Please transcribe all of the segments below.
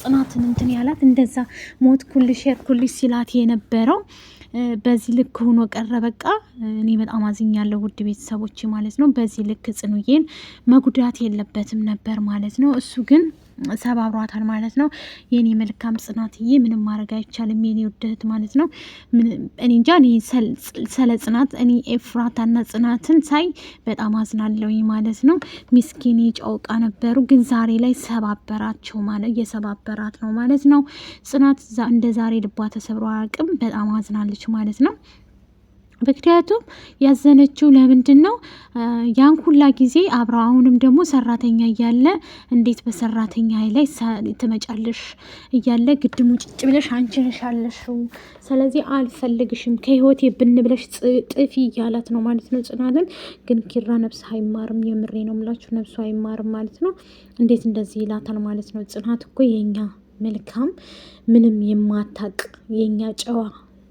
ጽናትን እንትን ያላት እንደዛ ሞት ኩልሽ ሄር ኩልሽ ሲላት የነበረው በዚህ ልክ ሆኖ ቀረ። በቃ እኔ በጣም አዝኛለሁ ውድ ቤተሰቦች ማለት ነው። በዚህ ልክ ጽኑዬን መጉዳት የለበትም ነበር ማለት ነው። እሱ ግን ሰባብሯታል ማለት ነው። የኔ መልካም ጽናትዬ ምንም ማድረግ አይቻልም የኔ ውድህት ማለት ነው። እኔ እንጃ ስለ ጽናት እኔ ኤፍራታና ጽናትን ሳይ በጣም አዝናለሁኝ ማለት ነው። ሚስኪን የጫውቃ ነበሩ፣ ግን ዛሬ ላይ ሰባበራቸው ማለት እየሰባበራት ነው ማለት ነው። ጽናት እንደ ዛሬ ልቧ ተሰብሮ አያውቅም። በጣም አዝናለች ማለት ነው። ምክንያቱም ያዘነችው ለምንድን ነው ያን ሁላ ጊዜ አብረው አሁንም ደግሞ ሰራተኛ እያለ እንዴት በሰራተኛ ላይ ትመጫለሽ እያለ ግድሙ ጭጭ ብለሽ አንቺ ነሽ ስለዚህ አልፈልግሽም ከህይወቴ ብን ብለሽ ጥፊ እያላት ነው ማለት ነው ጽናትን። ግን ኪራ ነብስ አይማርም፣ የምሬ ነው ምላችሁ ነብሱ አይማርም ማለት ነው። እንዴት እንደዚህ ይላታል ማለት ነው። ጽናት እኮ የኛ መልካም ምንም የማታቅ የኛ ጨዋ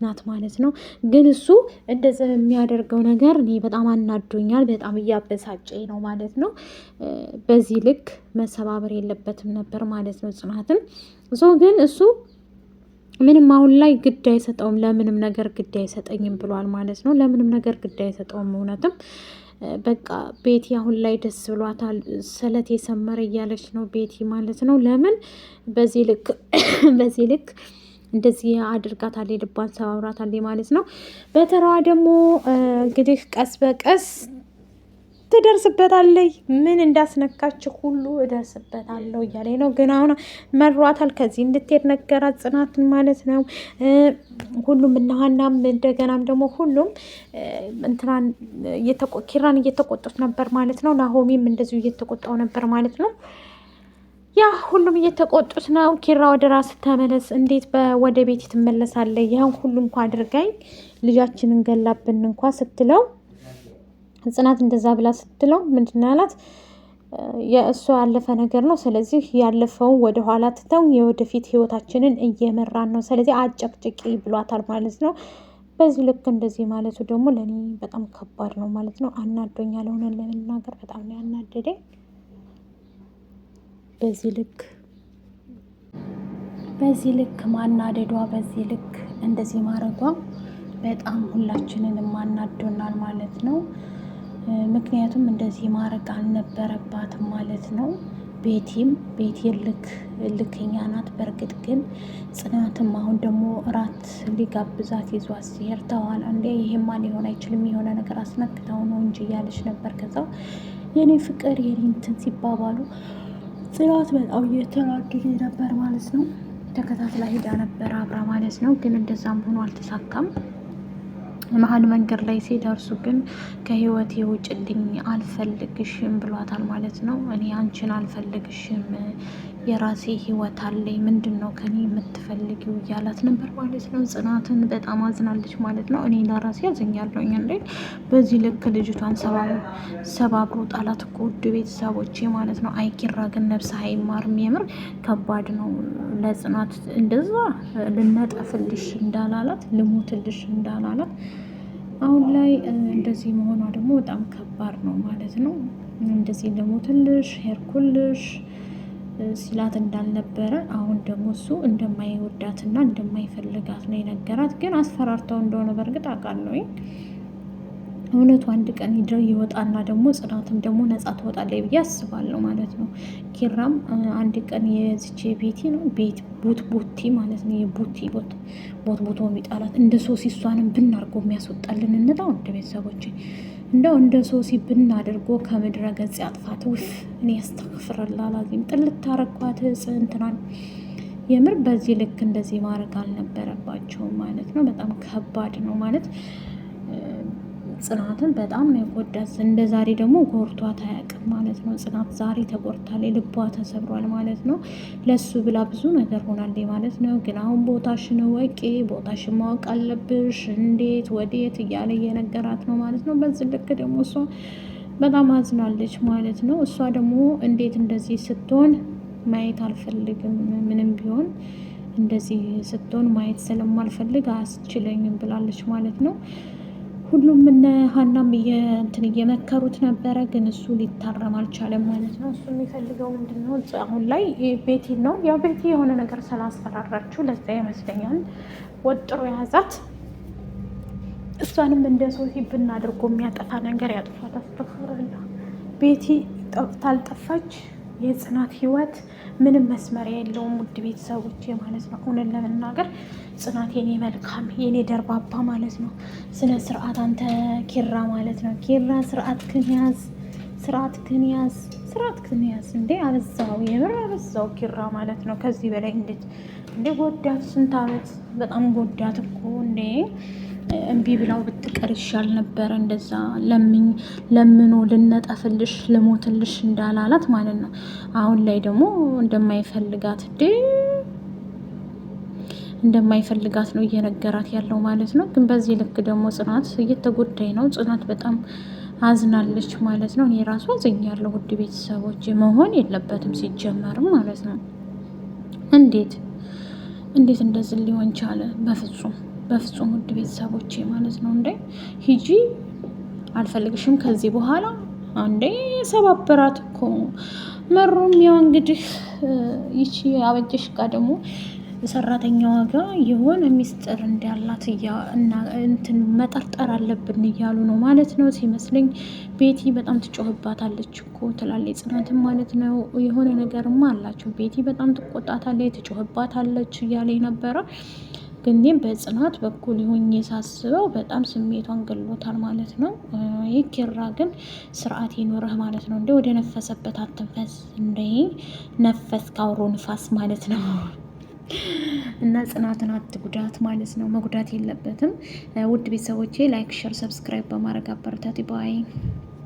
ናት ማለት ነው። ግን እሱ እንደዚህ የሚያደርገው ነገር እኔ በጣም አናዶኛል፣ በጣም እያበሳጨኝ ነው ማለት ነው። በዚህ ልክ መሰባበር የለበትም ነበር ማለት ነው። ጽናትም ሶ ግን እሱ ምንም አሁን ላይ ግድ አይሰጠውም። ለምንም ነገር ግድ አይሰጠኝም ብሏል ማለት ነው። ለምንም ነገር ግድ አይሰጠውም እውነትም በቃ ቤቲ አሁን ላይ ደስ ብሏታል። ስለት የሰመረ እያለች ነው ቤቲ ማለት ነው። ለምን በዚህ ልክ በዚህ ልክ እንደዚህ አድርጋታለች፣ ልቧን ሰባብራታለች ማለት ነው። በተራዋ ደግሞ እንግዲህ ቀስ በቀስ ትደርስበታለች። ምን እንዳስነካች ሁሉ እደርስበታለሁ እያለኝ ነው። ግን አሁን መሯታል። ከዚህ እንድትሄድ ነገራት ጽናትን ማለት ነው። ሁሉም እነ እንደገናም ደግሞ ሁሉም እንትናን ኪራን እየተቆጡት ነበር ማለት ነው። ናሆሚም እንደዚሁ እየተቆጣው ነበር ማለት ነው። ያ ሁሉም እየተቆጡት ነው። ኪራ ወደ ራስ ተመለስ፣ እንዴት ወደ ቤት ትመለሳለ? ይህን ሁሉ እንኳ አድርገኝ ልጃችንን ገላብን እንኳ ስትለው ህጽናት እንደዛ ብላ ስትለው ምንድን አላት? የእሱ ያለፈ ነገር ነው። ስለዚህ ያለፈውን ወደኋላ ትተው የወደፊት ህይወታችንን እየመራን ነው። ስለዚህ አጨቅጭቂ ብሏታል ማለት ነው። በዚህ ልክ እንደዚህ ማለቱ ደግሞ ለእኔ በጣም ከባድ ነው ማለት ነው። አናዶኛ ለሆነ ለመናገር በጣም ነው ያናደደኝ። በዚህ ልክ በዚህ ልክ ማናደዷ በዚህ ልክ እንደዚህ ማረጓ በጣም ሁላችንን ማናዶናል ማለት ነው። ምክንያቱም እንደዚህ ማድረግ አልነበረባትም ማለት ነው። ቤቲም ቤቲ ልክ ልክኛ ናት። በእርግጥ ግን ጽናትም አሁን ደግሞ እራት ሊጋብዛት ይዟት ሲሄድ ተዋል እንደ ይሄማ ሊሆን አይችልም የሆነ ነገር አስነክተው ነው እንጂ እያለች ነበር። ከዛው የኔ ፍቅር የኔ እንትን ሲባባሉ ጽናት በጣም እየተናደደ ነበር ማለት ነው። ተከታትላ ሄዳ ነበር አብራ ማለት ነው። ግን እንደዛም ሆኖ አልተሳካም። መሀል መንገድ ላይ ሲደርሱ ግን ከህይወቴ ውጭልኝ፣ አልፈልግሽም ብሏታል ማለት ነው። እኔ አንቺን አልፈልግሽም የራሴ ህይወት አለኝ ምንድን ነው ከኔ የምትፈልጊው እያላት ነበር ማለት ነው። ጽናትን በጣም አዝናለች ማለት ነው። እኔ ለራሴ ያዘኛለሁኝ እንዴ በዚህ ልክ ልጅቷን ሰባብሮ ጣላት እኮ ውድ ቤተሰቦቼ ማለት ነው። አይኪራ ግን ነብስ አይማርም። የምር ከባድ ነው ለጽናት እንደዛ ልነጠፍልሽ እንዳላላት ልሞትልሽ እንዳላላት አሁን ላይ እንደዚህ መሆኗ ደግሞ በጣም ከባድ ነው ማለት ነው። እንደዚህ ልሞትልሽ ሄርኩልሽ ሲላት እንዳልነበረ አሁን ደግሞ እሱ እንደማይወዳትና እንደማይፈልጋት ነው የነገራት። ግን አስፈራርተው እንደሆነ በእርግጥ አውቃለሁ። እውነቱ አንድ ቀን ሂደው ይወጣና ደግሞ ጽናትም ደግሞ ነጻ ትወጣለች ብዬ አስባለሁ ማለት ነው። ኪራም አንድ ቀን የዝች ቤቲ ነው ቤት ቡት ቡቲ ማለት ነው የቡቲ ቦት ቦት ቦቶ የሚጣላት እንደ ሶሲ እሷንም ብናርጎ የሚያስወጣልን እንለው እንደ ቤተሰቦች እንደው እንደ ሶሲ ብናደርጎ ከምድረ ገጽ ያጥፋት። ውፍ እኔ ያስተካፍረላ ላዚም ጥልታረኳት ጽንትናን የምር በዚህ ልክ እንደዚህ ማድረግ አልነበረባቸውም ማለት ነው። በጣም ከባድ ነው ማለት ጽናትን በጣም ነው የጎዳት። እንደ ዛሬ ደግሞ ጎርቷት አያውቅም ማለት ነው። ጽናት ዛሬ ተጎድታለች፣ ልቧ ተሰብሯል ማለት ነው። ለሱ ብላ ብዙ ነገር ሆናለች ማለት ነው። ግን አሁን ቦታሽን ወቂ፣ ቦታሽን ማወቅ አለብሽ፣ እንዴት ወዴት እያለ እየነገራት ነው ማለት ነው። በዚህ ልክ ደግሞ እሷ በጣም አዝናለች ማለት ነው። እሷ ደግሞ እንዴት እንደዚህ ስትሆን ማየት አልፈልግም ምንም ቢሆን እንደዚህ ስትሆን ማየት ስለማልፈልግ አያስችለኝም ብላለች ማለት ነው። ሁሉም እነ ሀናም እንትን እየመከሩት ነበረ፣ ግን እሱ ሊታረም አልቻለም ማለት ነው። እሱ የሚፈልገው ምንድን ነው? አሁን ላይ ቤቲ ነው። ያው ቤቲ የሆነ ነገር ስላስፈራራችሁ ለዛ ይመስለኛል ወጥሮ የያዛት። እሷንም እንደ ሰው ብናደርጎ የሚያጠፋ ነገር ያጥፋት። አስተፈራላ ቤቲ ታልጠፋች የጽናት ህይወት ምንም መስመር የለውም። ውድ ቤተሰቦች ማለት ነው እውነት ለመናገር ጽናት የኔ መልካም የኔ ደርባባ ማለት ነው። ስነ ስርዓት አንተ ኪራ ማለት ነው። ኪራ ስርዓት ክንያዝ ስርዓት ክንያዝ ስርዓት ክንያዝ እንዴ አበዛው፣ የምር አበዛው ኪራ ማለት ነው። ከዚህ በላይ እንዴት እንዴ ጎዳት፣ ስንት አመት በጣም ጎዳት እኮ እንዴ እምቢ ብላው ብትቀር ይሻል ነበረ። እንደዛ ለምኖ ልነጠፍልሽ ልሞትልሽ እንዳላላት ማለት ነው። አሁን ላይ ደግሞ እንደማይፈልጋት እንደማይፈልጋት ነው እየነገራት ያለው ማለት ነው። ግን በዚህ ልክ ደግሞ ጽናት እየተጎዳይ ነው። ጽናት በጣም አዝናለች ማለት ነው። እኔ ራሱ አዝኛለሁ። ውድ ቤተሰቦች መሆን የለበትም ሲጀመርም ማለት ነው። እንዴት እንዴት እንደዚህ ሊሆን ቻለ? በፍጹም በፍጹም ውድ ቤተሰቦቼ ማለት ነው። እንደ ሂጂ አልፈልግሽም ከዚህ በኋላ አንዴ የሰባበራት እኮ መሩም። ያው እንግዲህ ይቺ አበጀሽ ጋ ደግሞ ሰራተኛዋ ጋ የሆነ ሚስጥር እንዳላት እንትን መጠርጠር አለብን እያሉ ነው ማለት ነው ሲመስለኝ። ቤቲ በጣም ትጮህባታለች እኮ ትላለች ጽናትም ማለት ነው። የሆነ ነገርማ አላቸው። ቤቲ በጣም ትቆጣታለች፣ ትጮህባታለች እያለ ነበረ ግን ግን በጽናት በኩል ይሁን የሳስበው በጣም ስሜቷን ገሎታል ማለት ነው። ይህ ኪራ ግን ስርዓት ይኖረህ ማለት ነው። እንደ ወደ ነፈሰበት አትንፈስ፣ እንደ ነፈስ ካውሮ ንፋስ ማለት ነው። እና ጽናትን አትጉዳት ማለት ነው። መጉዳት የለበትም። ውድ ቤተሰቦቼ ላይክ፣ ሸር፣ ሰብስክራይብ በማድረግ አበረታት ባይ